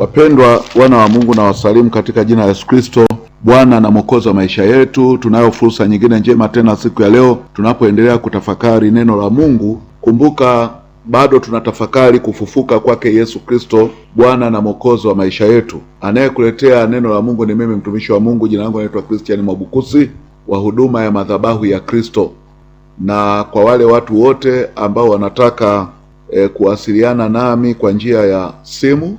Wapendwa wana wa Mungu, na wasalimu katika jina la Yesu Kristo, Bwana na Mwokozi wa maisha yetu. Tunayo fursa nyingine njema tena siku ya leo tunapoendelea kutafakari neno la Mungu. Kumbuka bado tunatafakari kufufuka kwake Yesu Kristo, Bwana na Mwokozi wa maisha yetu. Anayekuletea neno la Mungu ni mimi mtumishi wa Mungu, jina langu naitwa Christian Mwabukusi wa huduma ya madhabahu ya Kristo, na kwa wale watu wote ambao wanataka e, kuwasiliana nami kwa njia ya simu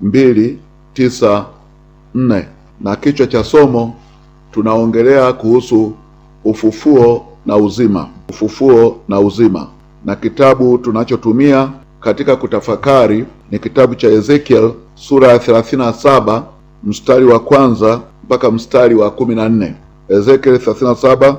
mbili tisa nne na kichwa cha somo tunaongelea kuhusu ufufuo na uzima, ufufuo na uzima. Na kitabu tunachotumia katika kutafakari ni kitabu cha Ezekiel sura ya 37 mstari wa kwanza mpaka mstari wa kumi na nne. Ezekiel 37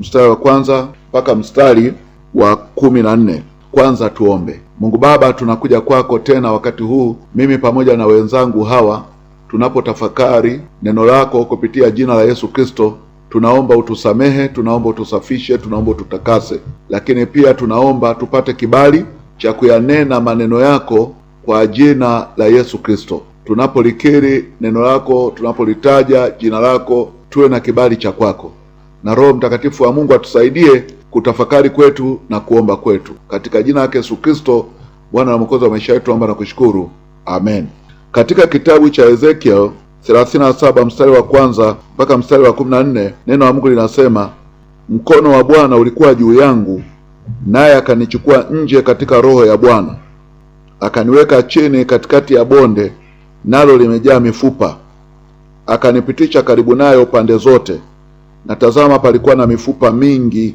mstari wa kwanza mpaka mstari wa kumi na nne. Kwanza tuombe. Mungu Baba, tunakuja kwako tena wakati huu, mimi pamoja na wenzangu hawa, tunapotafakari neno lako kupitia jina la Yesu Kristo. Tunaomba utusamehe, tunaomba utusafishe, tunaomba ututakase, lakini pia tunaomba tupate kibali cha kuyanena maneno yako kwa jina la Yesu Kristo. Tunapolikiri neno lako, tunapolitaja jina lako, tuwe na kibali cha kwako, na Roho Mtakatifu wa Mungu atusaidie kutafakari kwetu na kuomba kwetu, katika jina yake Yesu Kristo, Bwana na Mwokozi wa maisha yetu, na kushukuru, amen. Katika kitabu cha Ezekiel 37 mstari wa kwanza mpaka mstari wa 14, neno la Mungu linasema, mkono wa Bwana ulikuwa juu yangu, naye akanichukua nje katika roho ya Bwana, akaniweka chini katikati ya bonde, nalo limejaa mifupa, akanipitisha karibu nayo pande zote, na tazama, palikuwa na mifupa mingi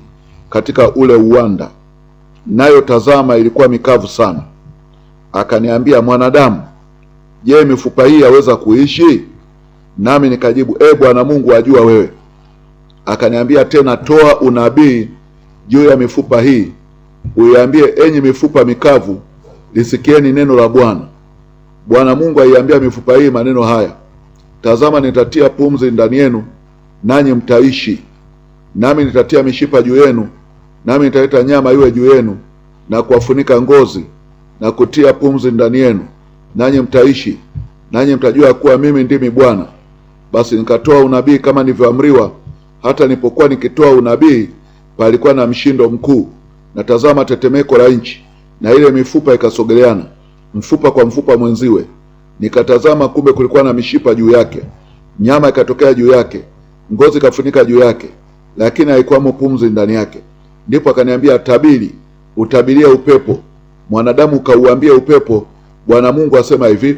katika ule uwanda, nayo tazama, ilikuwa mikavu sana. Akaniambia, mwanadamu, je, mifupa hii yaweza kuishi? Nami nikajibu, e Bwana Mungu, ajua wewe. Akaniambia tena, toa unabii juu ya mifupa hii, uiambie, enyi mifupa mikavu, lisikieni neno la Bwana. Bwana Mungu aiambia mifupa hii maneno haya, tazama, nitatia pumzi ndani yenu, nanyi mtaishi nami nitatia mishipa juu yenu, nami nitaleta nyama iwe juu yenu na kuwafunika ngozi na kutia pumzi ndani yenu, nanyi mtaishi, nanyi mtajua kuwa mimi ndimi Bwana. Basi nikatoa unabii kama nilivyoamriwa. Hata nilipokuwa nikitoa unabii, palikuwa na mshindo mkuu, na tazama, tetemeko la nchi, na ile mifupa ikasogeleana mfupa kwa mfupa mwenziwe. Nikatazama, kumbe kulikuwa na mishipa juu yake, nyama ikatokea juu yake, ngozi ikafunika juu yake lakini haikuwamo pumzi ndani yake. Ndipo akaniambia, tabiri, utabirie upepo mwanadamu, kauambie upepo, Bwana Mungu asema hivi,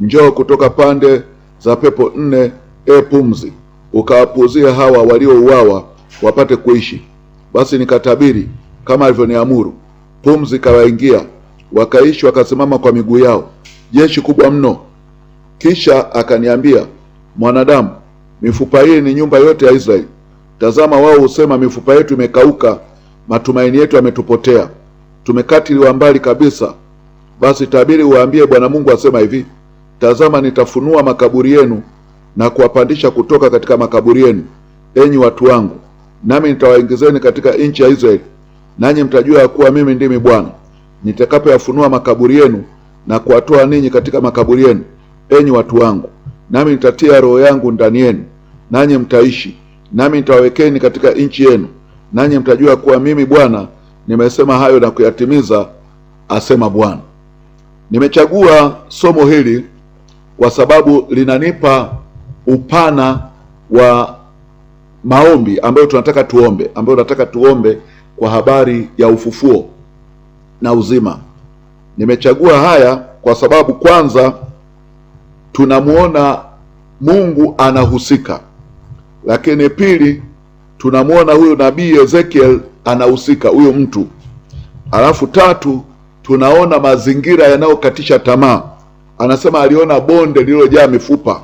njoo kutoka pande za pepo nne, e pumzi, ukawapuzie hawa waliouawa wapate kuishi. Basi nikatabiri kama alivyoniamuru, pumzi kawaingia, wakaishi, wakasimama kwa miguu yao, jeshi kubwa mno. Kisha akaniambia, mwanadamu, mifupa hii ni nyumba yote ya Israeli Tazama, wao husema mifupa yetu imekauka, matumaini yetu yametupotea, tumekatiliwa mbali kabisa. Basi tabiri uwaambie, Bwana Mungu asema hivi, tazama, nitafunua makaburi yenu na kuwapandisha kutoka katika makaburi yenu, enyi watu wangu, nami nitawaingizeni katika nchi ya Israeli, nanyi mtajua ya kuwa mimi ndimi Bwana nitakapoyafunua makaburi yenu na kuwatoa ninyi katika makaburi yenu, enyi watu wangu, nami nitatia roho yangu ndani yenu, nanyi mtaishi nami nitawawekeni katika nchi yenu, nanyi mtajua kuwa mimi Bwana nimesema hayo na kuyatimiza, asema Bwana. Nimechagua somo hili kwa sababu linanipa upana wa maombi ambayo tunataka tuombe, ambayo tunataka tuombe kwa habari ya ufufuo na uzima. Nimechagua haya kwa sababu kwanza tunamwona Mungu anahusika lakini pili, tunamwona huyu nabii Ezekiel anahusika huyu mtu. Alafu tatu, tunaona mazingira yanayokatisha tamaa. Anasema aliona bonde lililojaa mifupa.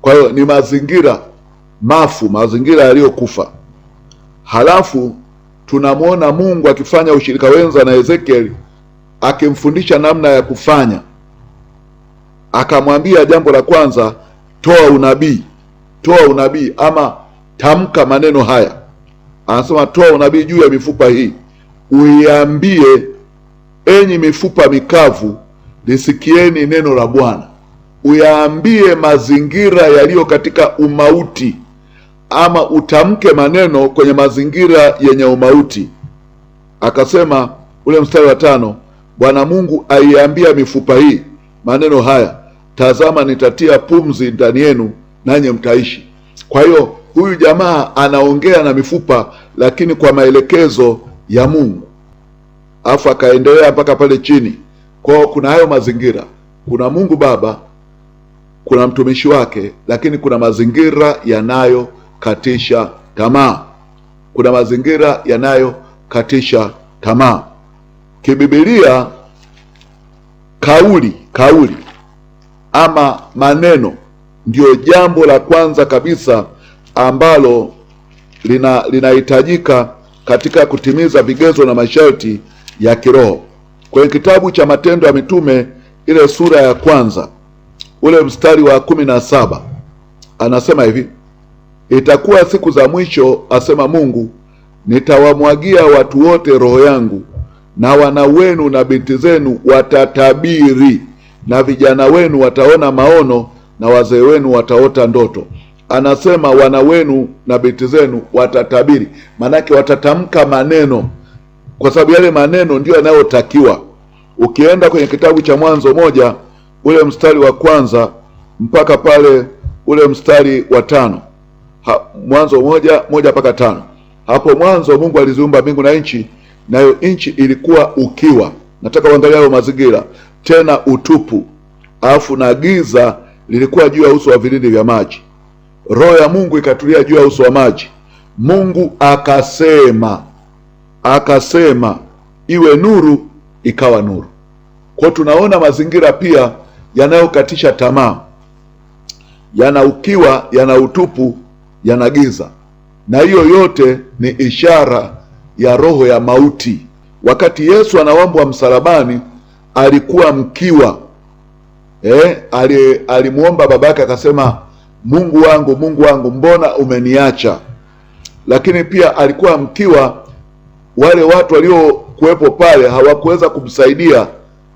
Kwa hiyo ni mazingira mafu, mazingira yaliyokufa. Halafu tunamwona Mungu akifanya ushirika wenza na Ezekieli, akimfundisha namna ya kufanya. Akamwambia jambo la kwanza, toa unabii toa unabii ama tamka maneno haya. Anasema toa unabii juu ya mifupa hii, uiambie enyi mifupa mikavu, lisikieni neno la Bwana. Uyaambie mazingira yaliyo katika umauti, ama utamke maneno kwenye mazingira yenye umauti. Akasema ule mstari wa tano, Bwana Mungu aiambia mifupa hii maneno haya, tazama, nitatia pumzi ndani yenu nanyi mtaishi. Kwa hiyo huyu jamaa anaongea na mifupa, lakini kwa maelekezo ya Mungu. Alafu akaendelea mpaka pale chini. Kwao kuna hayo mazingira, kuna Mungu Baba, kuna mtumishi wake, lakini kuna mazingira yanayokatisha tamaa, kuna mazingira yanayokatisha tamaa. Kibibilia, kauli kauli ama maneno ndio jambo la kwanza kabisa ambalo linahitajika lina katika kutimiza vigezo na masharti ya kiroho. Kwenye kitabu cha Matendo ya Mitume ile sura ya kwanza ule mstari wa kumi na saba anasema hivi: itakuwa siku za mwisho, asema Mungu, nitawamwagia watu wote roho yangu, na wana wenu na binti zenu watatabiri, na vijana wenu wataona maono na wazee wenu wataota ndoto. Anasema wana wenu na binti zenu watatabiri, maanake watatamka maneno, kwa sababu yale maneno ndiyo yanayotakiwa. Ukienda kwenye kitabu cha Mwanzo moja ule mstari wa kwanza mpaka pale ule mstari wa tano ha, Mwanzo moja moja mpaka tano hapo mwanzo Mungu aliziumba mbingu na nchi, nayo nchi ilikuwa ukiwa. Nataka uangalia hayo mazingira, tena utupu, alafu na giza lilikuwa juu ya uso wa vilindi vya maji. Roho ya Mungu ikatulia juu ya uso wa maji. Mungu akasema, akasema iwe nuru, ikawa nuru. Kwa tunaona mazingira pia yanayokatisha tamaa, yana ukiwa, yana utupu, yana giza, na hiyo yote ni ishara ya roho ya mauti. Wakati Yesu anawambwa msalabani, alikuwa mkiwa eh, alimwomba babake akasema, Mungu wangu, Mungu wangu, mbona umeniacha? Lakini pia alikuwa mkiwa, wale watu waliokuwepo pale hawakuweza kumsaidia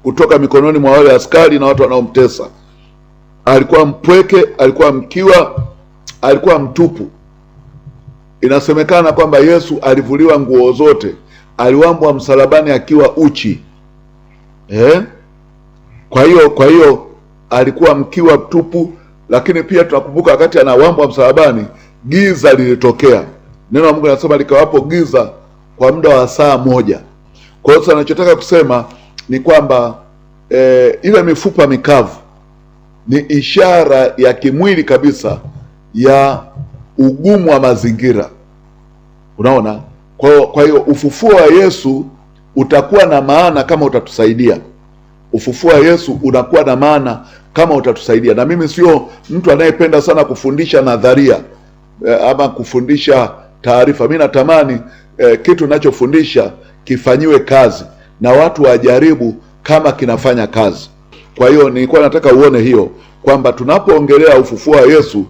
kutoka mikononi mwa wale askari na watu wanaomtesa. Alikuwa mpweke, alikuwa mkiwa, alikuwa mtupu. Inasemekana kwamba Yesu alivuliwa nguo zote, aliwambwa msalabani akiwa uchi eh? Kwa hiyo kwa hiyo alikuwa mkiwa mtupu, lakini pia tunakumbuka wakati anawambwa msalabani giza lilitokea. Neno la Mungu linasema likawapo giza kwa muda wa saa moja. Kwa hiyo tunachotaka kusema ni kwamba e, ile mifupa mikavu ni ishara ya kimwili kabisa ya ugumu wa mazingira. Unaona, kwa hiyo ufufuo wa Yesu utakuwa na maana kama utatusaidia. Ufufuo wa Yesu unakuwa na maana kama utatusaidia. Na mimi sio mtu anayependa sana kufundisha nadharia eh, ama kufundisha taarifa. Mi natamani eh, kitu nachofundisha kifanyiwe kazi na watu wajaribu kama kinafanya kazi. Kwa hiyo nilikuwa nataka uone hiyo kwamba tunapoongelea ufufuo wa Yesu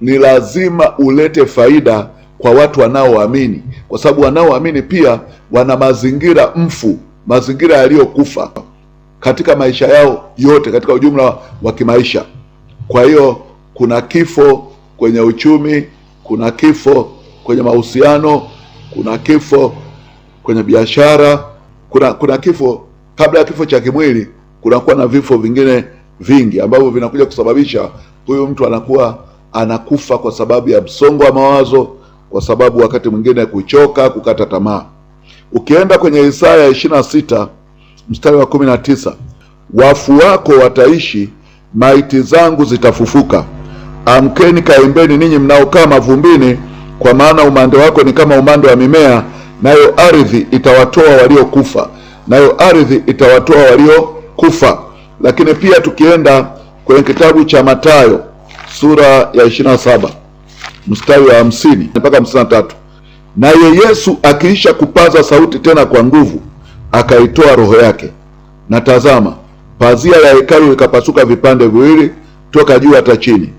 ni lazima ulete faida kwa watu wanaoamini, kwa sababu wanaoamini pia wana mazingira mfu, mazingira yaliyokufa katika maisha yao yote, katika ujumla wa kimaisha. Kwa hiyo kuna kifo kwenye uchumi, kuna kifo kwenye mahusiano, kuna kifo kwenye biashara, kuna kuna kifo. Kabla ya kifo cha kimwili, kunakuwa na vifo vingine vingi ambavyo vinakuja kusababisha huyu mtu anakuwa anakufa kwa sababu ya msongo wa mawazo, kwa sababu wakati mwingine kuchoka, kukata tamaa. Ukienda kwenye Isaya ishirini na sita mstari wa kumi na tisa wafu wako wataishi, maiti zangu zitafufuka. Amkeni, kaimbeni ninyi mnaokaa mavumbini, kwa maana umande wako ni kama umande wa mimea, nayo ardhi itawatoa waliokufa, nayo ardhi itawatoa waliokufa. Lakini pia tukienda kwenye kitabu cha Mathayo sura ya 27 mstari wa 50 mpaka 53, naye Yesu akiisha kupaza sauti tena kwa nguvu akaitoa roho yake, na tazama, pazia la hekalu likapasuka vipande viwili toka juu hata chini,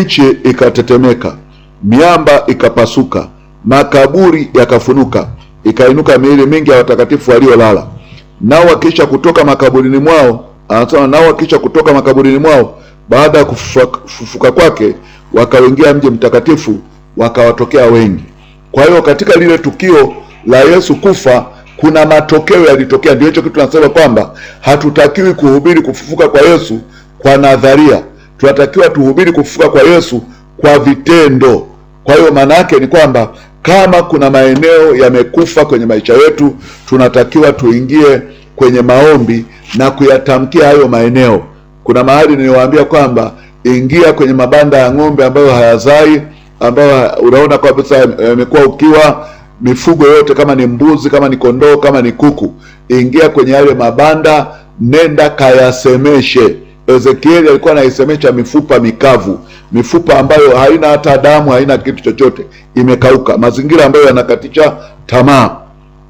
nchi ikatetemeka, miamba ikapasuka, makaburi yakafunuka, ikainuka miili mingi ya watakatifu waliolala. Nao wakiisha kutoka makaburini mwao, anasema nao wakiisha kutoka makaburini mwao baada ya kufufuka kwake, wakaingia mji mtakatifu, wakawatokea wengi. Kwa hiyo katika lile tukio la Yesu kufa kuna matokeo yalitokea. Ndio hicho kitu tunasema kwamba hatutakiwi kuhubiri kufufuka kwa Yesu kwa nadharia, tunatakiwa tuhubiri kufufuka kwa Yesu kwa vitendo. Kwa hiyo maana yake ni kwamba kama kuna maeneo yamekufa kwenye maisha yetu, tunatakiwa tuingie kwenye maombi na kuyatamkia hayo maeneo. Kuna mahali niliwaambia kwamba ingia kwenye mabanda ya ng'ombe ambayo hayazai, ambayo unaona kabisa yamekuwa ukiwa mifugo yote, kama ni mbuzi, kama ni kondoo, kama ni kuku, ingia kwenye yale mabanda, nenda kayasemeshe. Ezekieli alikuwa anaisemesha mifupa mikavu, mifupa ambayo haina hata damu, haina kitu chochote, imekauka, mazingira ambayo yanakatisha tamaa.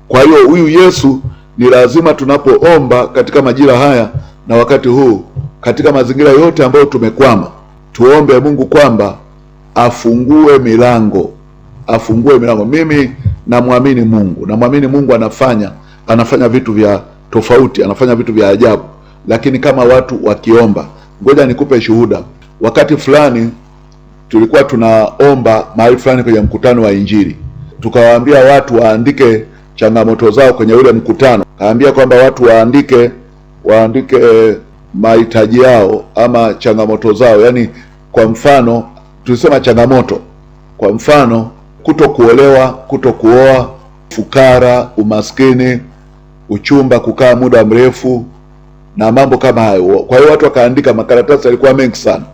Kwa hiyo huyu Yesu ni lazima tunapoomba katika majira haya na wakati huu, katika mazingira yote ambayo tumekwama, tuombe Mungu kwamba afungue milango, afungue milango. Mimi namwamini Mungu, namwamini Mungu anafanya anafanya vitu vya tofauti, anafanya vitu vya ajabu. Lakini kama watu wakiomba, ngoja nikupe shuhuda. Wakati fulani tulikuwa tunaomba mahali fulani kwenye mkutano wa Injili, tukawaambia watu waandike changamoto zao kwenye ule mkutano. Kaambia kwamba watu waandike waandike eh, mahitaji yao ama changamoto zao, yaani kwa mfano tulisema changamoto, kwa mfano kuto kuolewa, kuto kuoa, fukara, umaskini, uchumba, kukaa muda mrefu na mambo kama hayo. Kwa hiyo watu wakaandika makaratasi, yalikuwa mengi sana.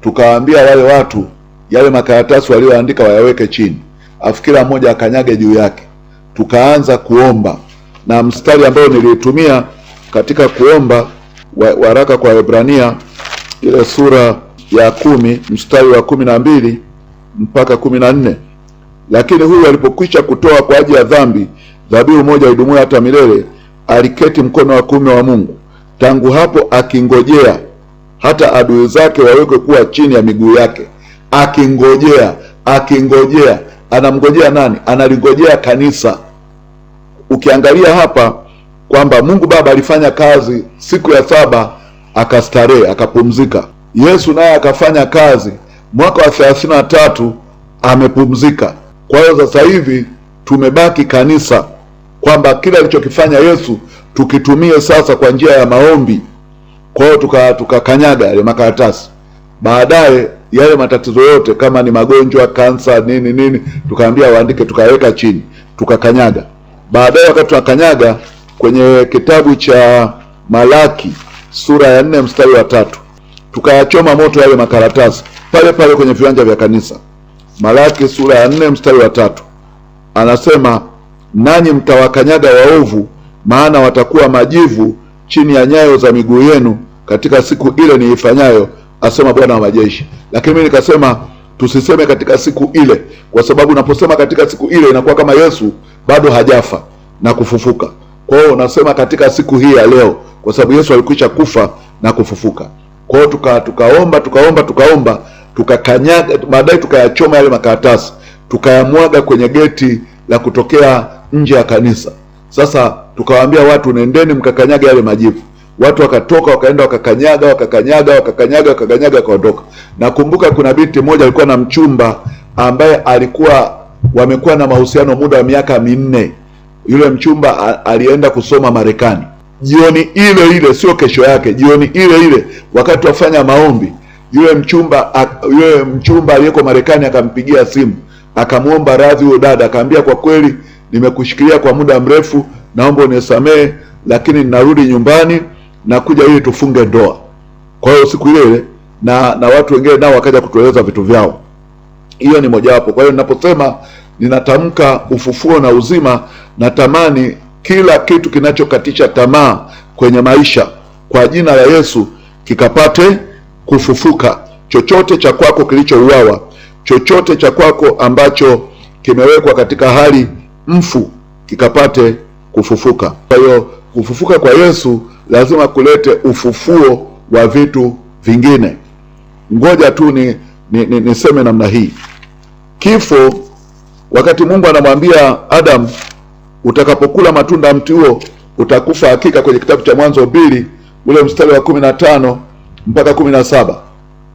Tukawaambia wale watu yale makaratasi walioandika wayaweke chini, afu kila mmoja akanyage juu yake. Tukaanza kuomba na mstari ambao niliitumia katika kuomba wa, waraka kwa Waebrania ile sura ya kumi mstari wa kumi na mbili mpaka kumi na nne. Lakini huyu alipokwisha kutoa kwa ajili ya dhambi dhabihu moja idumuyo hata milele, aliketi mkono wa kuume wa Mungu, tangu hapo akingojea hata adui zake wawekwe kuwa chini ya miguu yake. Akingojea, akingojea. Anamngojea nani? Analingojea kanisa. Ukiangalia hapa kwamba Mungu Baba alifanya kazi siku ya saba akastarehe, akapumzika. Yesu naye akafanya kazi mwaka wa thelathini na tatu amepumzika. Kwa hiyo sasa hivi tumebaki kanisa kwamba kila alichokifanya Yesu tukitumie sasa kwa njia ya maombi. Kwa hiyo tukakanyaga yale makaratasi, baadaye yale matatizo yote kama ni magonjwa, kansa, nini nini, tukaambia waandike, tukaweka chini, tukakanyaga. Baadaye wakati tunakanyaga kwenye kitabu cha Malaki sura ya nne mstari wa tatu tukayachoma moto yale makaratasi pale pale kwenye viwanja vya kanisa. Malaki sura ya nne mstari wa tatu anasema, nanyi mtawakanyaga waovu, maana watakuwa majivu chini ya nyayo za miguu yenu katika siku ile niifanyayo, asema Bwana wa majeshi. Lakini mimi nikasema tusiseme katika siku ile, kwa sababu unaposema katika siku ile inakuwa kama Yesu bado hajafa na kufufuka. Kwa hiyo unasema katika siku hii ya leo, kwa sababu Yesu alikwisha kufa na kufufuka. Kwa hiyo tuka, tukaomba tukaomba tukaomba tukakanyaga, baadaye tukayachoma yale makaratasi tukayamwaga kwenye geti la kutokea nje ya kanisa. Sasa tukawaambia watu, nendeni mkakanyaga yale majivu. Watu wakatoka wakaenda wakakanyaga wakakanyaga wakakanyaga wakakanyaga wakaondoka. Nakumbuka kuna binti moja alikuwa na mchumba ambaye alikuwa wamekuwa na mahusiano muda wa miaka minne. Yule mchumba alienda kusoma Marekani. Jioni ile ile, sio kesho yake, jioni ile ile, wakati wafanya maombi yule mchumba yule mchumba aliyeko Marekani akampigia simu akamwomba radhi huyo dada, akaambia kwa kweli, nimekushikilia kwa muda mrefu, naomba unisamehe, lakini ninarudi nyumbani na kuja ili tufunge ndoa. Kwa hiyo siku ile ile na na watu wengine nao wakaja kutueleza vitu vyao. Hiyo ni mojawapo. Kwa hiyo ninaposema ninatamka ufufuo na uzima, natamani kila kitu kinachokatisha tamaa kwenye maisha kwa jina la Yesu kikapate kufufuka, chochote cha kwako kilichouawa, chochote cha kwako ambacho kimewekwa katika hali mfu kikapate kufufuka. Kwa hiyo kufufuka kwa Yesu lazima kulete ufufuo wa vitu vingine. Ngoja tu ni, ni, ni, niseme namna hii. Kifo, wakati Mungu anamwambia Adam, utakapokula matunda mti huo utakufa hakika, kwenye kitabu cha Mwanzo mbili ule mstari wa kumi na tano mpaka kumi na saba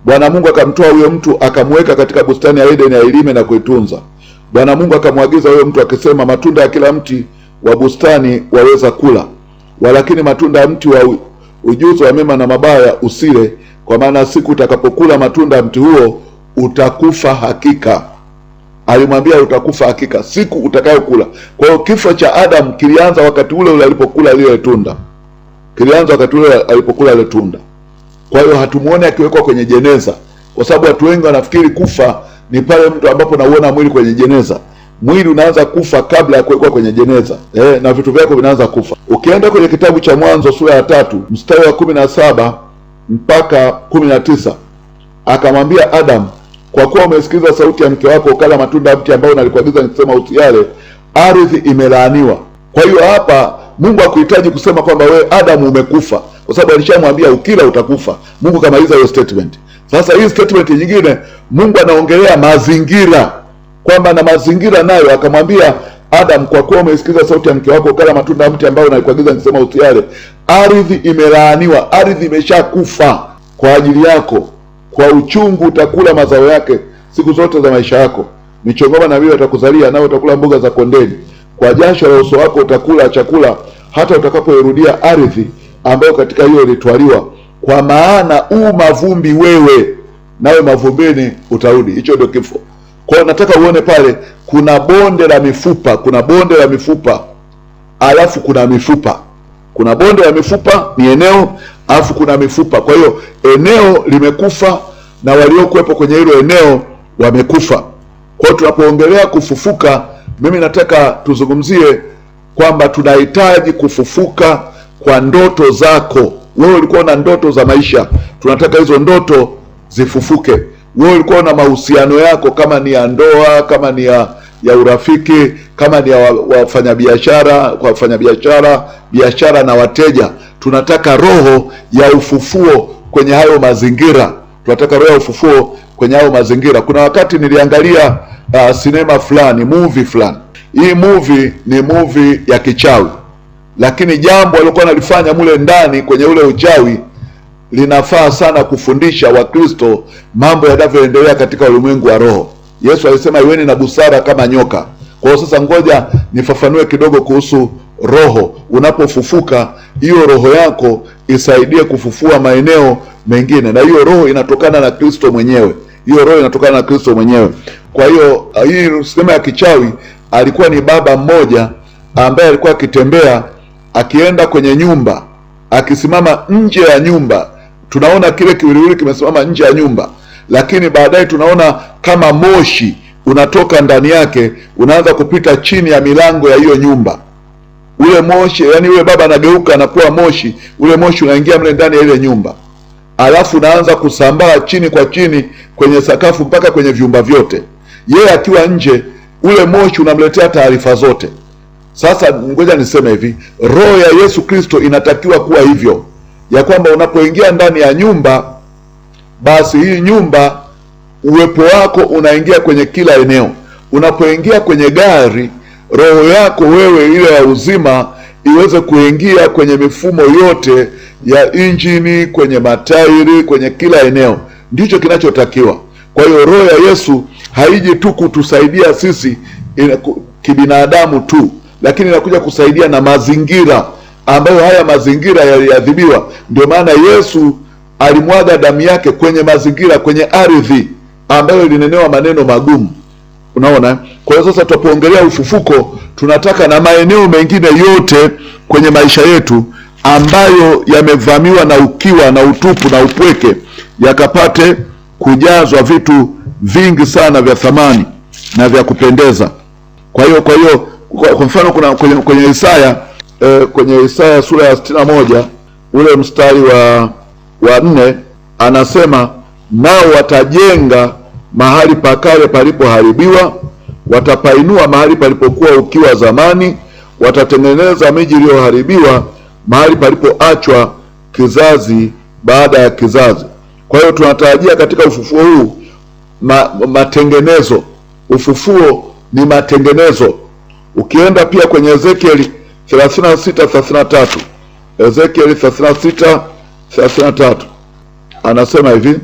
Bwana Mungu akamtoa huyo mtu akamweka katika bustani ya Edeni ya ilime na kuitunza. Bwana Mungu akamwagiza huyo mtu akisema, matunda ya kila mti wa bustani waweza kula, walakini matunda ya mti wa ujuzi wa mema na mabaya usile, kwa maana siku utakapokula matunda ya mti huo utakufa hakika. Alimwambia utakufa hakika siku utakayokula. Kwa hiyo kifo cha Adamu kilianza wakati ule ule alipokula lile tunda, kilianza wakati ule alipokula lile tunda. Kwa hiyo hatumuone akiwekwa kwenye jeneza, kwa sababu watu wengi wanafikiri kufa ni pale mtu ambapo nauona mwili kwenye jeneza. Mwili unaanza kufa kabla ya kuwekwa kwenye jeneza eh, na vitu vyako vinaanza kufa. Ukienda kwenye kitabu cha Mwanzo sura ya tatu mstari wa kumi na saba mpaka kumi na tisa akamwambia Adamu, kwa kuwa umesikiliza sauti ya mke wako ukala matunda ya mti ambao nalikuagiza nikisema usiale, ardhi imelaaniwa. Kwa hiyo hapa Mungu hakuhitaji kusema kwamba wewe Adamu umekufa, kwa sababu alishamwambia ukila utakufa. Mungu kamaliza hiyo statement. Sasa hii statement nyingine, Mungu anaongelea mazingira kwamba na mazingira nayo akamwambia Adam, kwa kuwa umeisikiza sauti ya mke wako ukala matunda mti ambayo nakuagiza nikisema usiale, ardhi imelaaniwa, ardhi imeshakufa kwa ajili yako, kwa uchungu utakula mazao yake siku zote za maisha yako, michongoma na miwa itakuzalia, nao, utakula mboga za kondeni kwa jasho la uso wako utakula chakula hata utakapoirudia ardhi ambayo katika hiyo ilitwaliwa, kwa maana u mavumbi wewe, nawe mavumbini utarudi. Hicho ndio kifo. Kwa hiyo nataka uone pale kuna bonde la mifupa, kuna bonde la mifupa alafu kuna mifupa, kuna bonde la mifupa ni eneo, alafu kuna mifupa. Kwa hiyo eneo limekufa na waliokuwepo kwenye hilo eneo wamekufa. Kwa hiyo tunapoongelea kufufuka mimi nataka tuzungumzie kwamba tunahitaji kufufuka kwa ndoto zako. Wewe ulikuwa na ndoto za maisha, tunataka hizo ndoto zifufuke. Wewe ulikuwa na mahusiano yako, kama ni ya ndoa, kama ni ya, ya urafiki, kama ni ya wafanyabiashara, kwa wafanyabiashara, biashara na wateja, tunataka roho ya ufufuo kwenye hayo mazingira tunataka roho ya ufufuo kwenye hayo mazingira. Kuna wakati niliangalia uh, sinema fulani, movie fulani. Hii movie ni movie ya kichawi, lakini jambo aliokuwa analifanya mule ndani kwenye ule uchawi linafaa sana kufundisha Wakristo mambo yanavyoendelea katika ulimwengu wa roho. Yesu alisema iweni na busara kama nyoka. Kwa hiyo sasa, ngoja nifafanue kidogo kuhusu roho. Unapofufuka, hiyo roho yako isaidie kufufua maeneo mengine, na hiyo roho inatokana na Kristo mwenyewe. Hiyo roho inatokana na Kristo mwenyewe. Kwa hiyo ah, hii sinema ya kichawi, alikuwa ni baba mmoja ambaye alikuwa akitembea akienda kwenye nyumba, akisimama nje ya nyumba. Tunaona kile kiwiliwili kimesimama nje ya nyumba, lakini baadaye tunaona kama moshi unatoka ndani yake, unaanza kupita chini ya milango ya hiyo nyumba ule moshi, yani ule baba anageuka anakuwa moshi, ule moshi unaingia mle ndani ya ile nyumba, alafu unaanza kusambaa chini kwa chini kwenye sakafu mpaka kwenye vyumba vyote. Yeye akiwa nje, ule moshi unamletea taarifa zote. Sasa ngoja niseme hivi, roho ya Yesu Kristo inatakiwa kuwa hivyo, ya kwamba unapoingia ndani ya nyumba, basi hii nyumba uwepo wako unaingia kwenye kila eneo. Unapoingia kwenye gari roho yako wewe ile ya uzima iweze kuingia kwenye mifumo yote ya injini, kwenye matairi, kwenye kila eneo. Ndicho kinachotakiwa. Kwa hiyo roho ya Yesu haiji tu kutusaidia sisi kibinadamu tu, lakini inakuja kusaidia na mazingira ambayo haya mazingira yaliadhibiwa. Ndio maana Yesu alimwaga damu yake kwenye mazingira, kwenye ardhi ambayo ilinenewa maneno magumu Unaona, kwa hiyo sasa tunapoongelea ufufuko tunataka na maeneo mengine yote kwenye maisha yetu ambayo yamevamiwa na ukiwa na utupu na upweke yakapate kujazwa vitu vingi sana vya thamani na vya kupendeza. Kwa hiyo kwa hiyo kwa mfano kuna kwenye, kwenye Isaya eh, kwenye Isaya sura ya sitini na moja ule mstari wa wa nne anasema nao watajenga mahali pa kale palipoharibiwa, watapainua mahali palipokuwa ukiwa zamani, watatengeneza miji iliyoharibiwa, mahali palipoachwa kizazi baada ya kizazi. Kwa hiyo tunatarajia katika ufufuo huu ma, matengenezo. Ufufuo ni matengenezo. Ukienda pia kwenye Ezekieli 3633 Ezekieli anasema hivi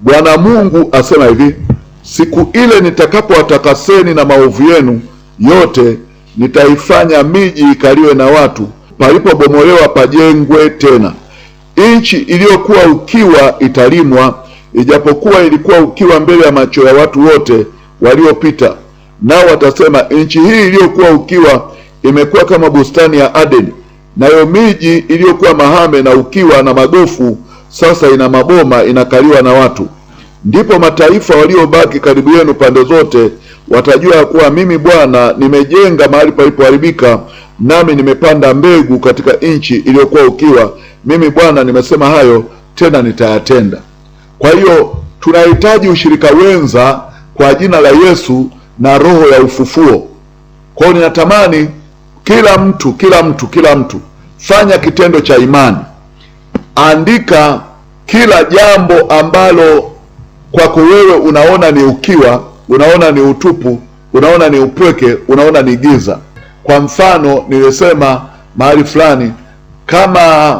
Bwana Mungu asema hivi, siku ile nitakapowatakaseni na maovu yenu yote, nitaifanya miji ikaliwe na watu, palipobomolewa pajengwe tena. Nchi iliyokuwa ukiwa italimwa, ijapokuwa ilikuwa ukiwa mbele ya macho ya watu wote waliopita, nao watasema, nchi hii iliyokuwa ukiwa imekuwa kama bustani ya Adeni, nayo miji iliyokuwa mahame na ukiwa na magofu sasa ina maboma inakaliwa na watu. Ndipo mataifa waliobaki karibu yenu pande zote watajua ya kuwa mimi Bwana nimejenga mahali palipoharibika, nami nimepanda mbegu katika nchi iliyokuwa ukiwa. Mimi Bwana nimesema hayo, tena nitayatenda. Kwa hiyo tunahitaji ushirika wenza kwa jina la Yesu na roho ya ufufuo. Kwa hiyo ninatamani kila mtu, kila mtu, kila mtu fanya kitendo cha imani andika kila jambo ambalo kwako wewe unaona ni ukiwa, unaona ni utupu, unaona ni upweke, unaona ni giza. Kwa mfano, nilisema mahali fulani kama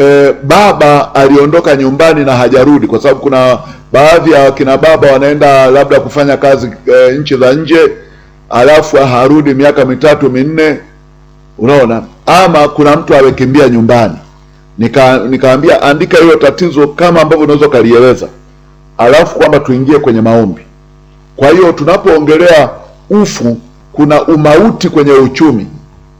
e, baba aliondoka nyumbani na hajarudi, kwa sababu kuna baadhi ya wakina baba wanaenda labda kufanya kazi e, nchi za nje, alafu harudi miaka mitatu minne, unaona. Ama kuna mtu awekimbia nyumbani nika nikaambia andika hiyo tatizo kama ambavyo unaweza ukalieleza, alafu kwamba tuingie kwenye maombi. Kwa hiyo tunapoongelea ufu, kuna umauti kwenye uchumi.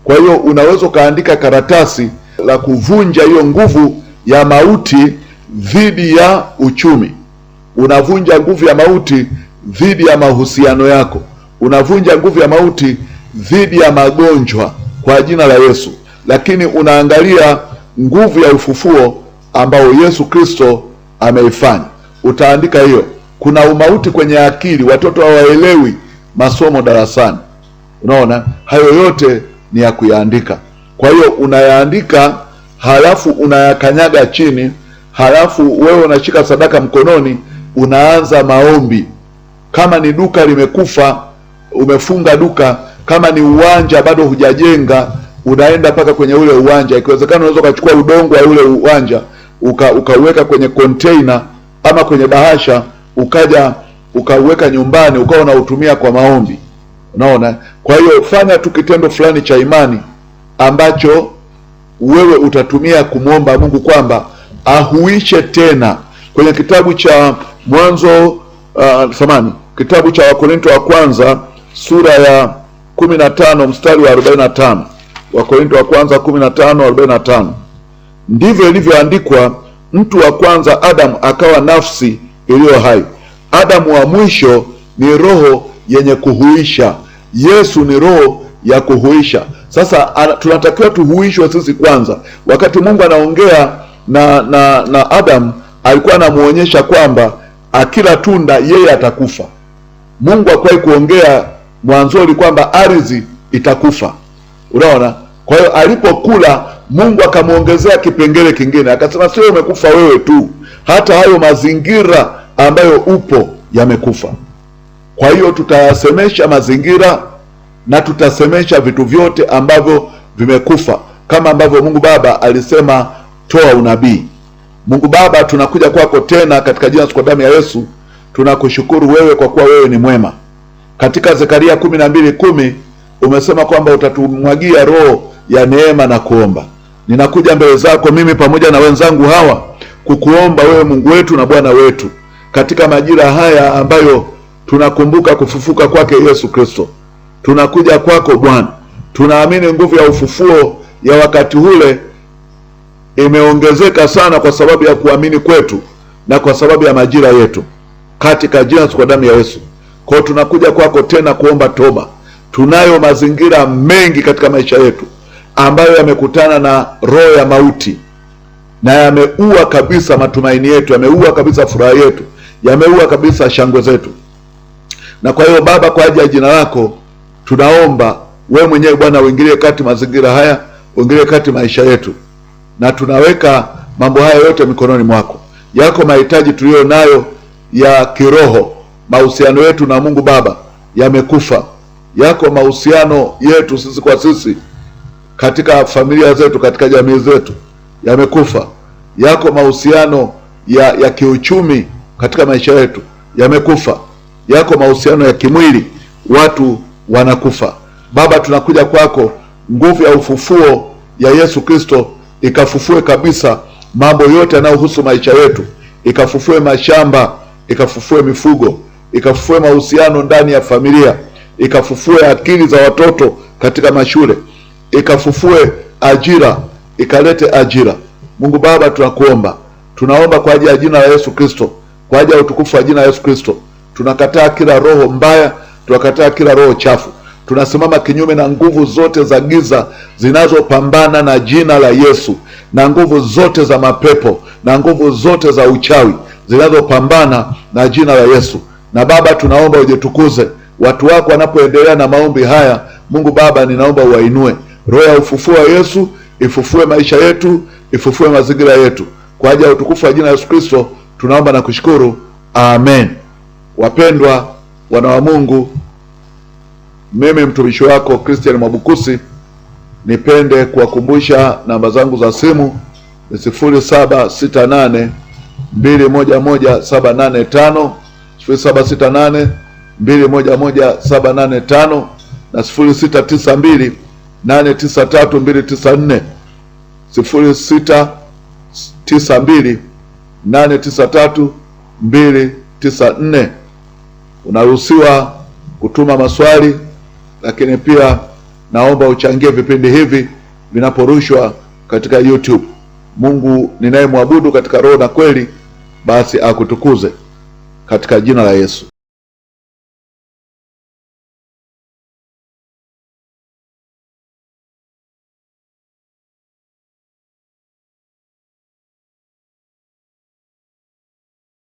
Kwa hiyo unaweza ukaandika karatasi la kuvunja hiyo nguvu ya mauti dhidi ya uchumi. Unavunja nguvu ya mauti dhidi ya mahusiano yako, unavunja nguvu ya mauti dhidi ya magonjwa kwa jina la Yesu, lakini unaangalia nguvu ya ufufuo ambao Yesu Kristo ameifanya. Utaandika hiyo. Kuna umauti kwenye akili, watoto hawaelewi masomo darasani. Unaona, hayo yote ni ya kuyaandika. Kwa hiyo unayaandika, halafu unayakanyaga chini, halafu wewe unashika sadaka mkononi, unaanza maombi. Kama ni duka limekufa, umefunga duka. Kama ni uwanja bado hujajenga unaenda mpaka kwenye ule uwanja. Ikiwezekana unaweza ukachukua udongo wa ule uwanja uka, ukauweka kwenye container ama kwenye bahasha ukaja ukauweka nyumbani ukawa unautumia kwa maombi. Unaona, kwa hiyo fanya tu kitendo fulani cha imani ambacho wewe utatumia kumwomba Mungu kwamba ahuishe tena. Kwenye kitabu cha Mwanzo uh, samani kitabu cha Wakorinto wa kwanza sura ya 15 mstari wa 45 Wakorintho wa kwanza 15:45, ndivyo ilivyoandikwa, mtu wa kwanza Adamu akawa nafsi iliyo hai. Adamu wa mwisho ni roho yenye kuhuisha. Yesu ni roho ya kuhuisha. Sasa tunatakiwa tuhuishwe sisi kwanza. Wakati Mungu anaongea na na, na Adamu alikuwa anamuonyesha kwamba akila tunda yeye atakufa. Mungu hakuwahi kuongea mwanzoni kwamba ardhi itakufa. Unaona, kwa hiyo alipokula Mungu akamwongezea kipengele kingine, akasema sio umekufa wewe tu, hata hayo mazingira ambayo upo yamekufa. Kwa hiyo tutayasemesha mazingira na tutasemesha vitu vyote ambavyo vimekufa, kama ambavyo Mungu Baba alisema toa unabii. Mungu Baba, tunakuja kwako tena katika jina kwa damu ya Yesu, tunakushukuru wewe kwa kuwa wewe ni mwema. Katika Zekaria kumi na mbili kumi umesema kwamba utatumwagia roho ya neema na kuomba. Ninakuja mbele zako mimi pamoja na wenzangu hawa kukuomba wewe Mungu wetu na Bwana wetu katika majira haya ambayo tunakumbuka kufufuka kwake Yesu Kristo. Tunakuja kwako Bwana, tunaamini nguvu ya ufufuo ya wakati ule imeongezeka sana kwa sababu ya kuamini kwetu na kwa sababu ya majira yetu, katika jina kwa damu ya Yesu. Kwa tunakuja kwako tena kuomba toba. Tunayo mazingira mengi katika maisha yetu ambayo yamekutana na roho ya mauti na yameua kabisa matumaini yetu, yameua kabisa furaha yetu, yameua kabisa shangwe zetu. Na kwa hiyo Baba, kwa ajili ya jina lako tunaomba wewe mwenyewe Bwana uingilie kati mazingira haya, uingilie kati maisha yetu, na tunaweka mambo haya yote mikononi mwako. Yako mahitaji tuliyo nayo ya kiroho, mahusiano yetu na Mungu Baba yamekufa. Yako mahusiano yetu sisi kwa sisi katika familia zetu, katika jamii zetu yamekufa. Yako mahusiano ya, ya kiuchumi katika maisha yetu yamekufa. Yako mahusiano ya kimwili, watu wanakufa. Baba, tunakuja kwako, nguvu ya ufufuo ya Yesu Kristo ikafufue kabisa mambo yote yanayohusu maisha yetu, ikafufue mashamba, ikafufue mifugo, ikafufue mahusiano ndani ya familia, ikafufue akili za watoto katika mashule ikafufue ajira, ikalete ajira. Mungu Baba, tunakuomba, tunaomba kwa ajili ya jina la Yesu Kristo, kwa ajili ya utukufu wa jina la Yesu Kristo. Tunakataa kila roho mbaya, tunakataa kila roho chafu, tunasimama kinyume na nguvu zote za giza zinazopambana na jina la Yesu, na nguvu zote za mapepo na nguvu zote za uchawi zinazopambana na jina la Yesu. Na Baba, tunaomba ujitukuze watu wako wanapoendelea na maombi haya. Mungu Baba, ninaomba uwainue Roho ya ufufuo wa Yesu ifufue maisha yetu, ifufue mazingira yetu kwa ajili ya utukufu wa jina la Yesu Kristo. Tunaomba na kushukuru, amen. Wapendwa wana wa Mungu, mimi mtumishi wako Christian Mwabukusi nipende kuwakumbusha namba zangu za simu ni 0768 211785 na 0692 893 294 0692 Unaruhusiwa kutuma maswali, lakini pia naomba uchangie vipindi hivi vinaporushwa katika YouTube. Mungu ninayemwabudu katika roho na kweli, basi akutukuze katika jina la Yesu.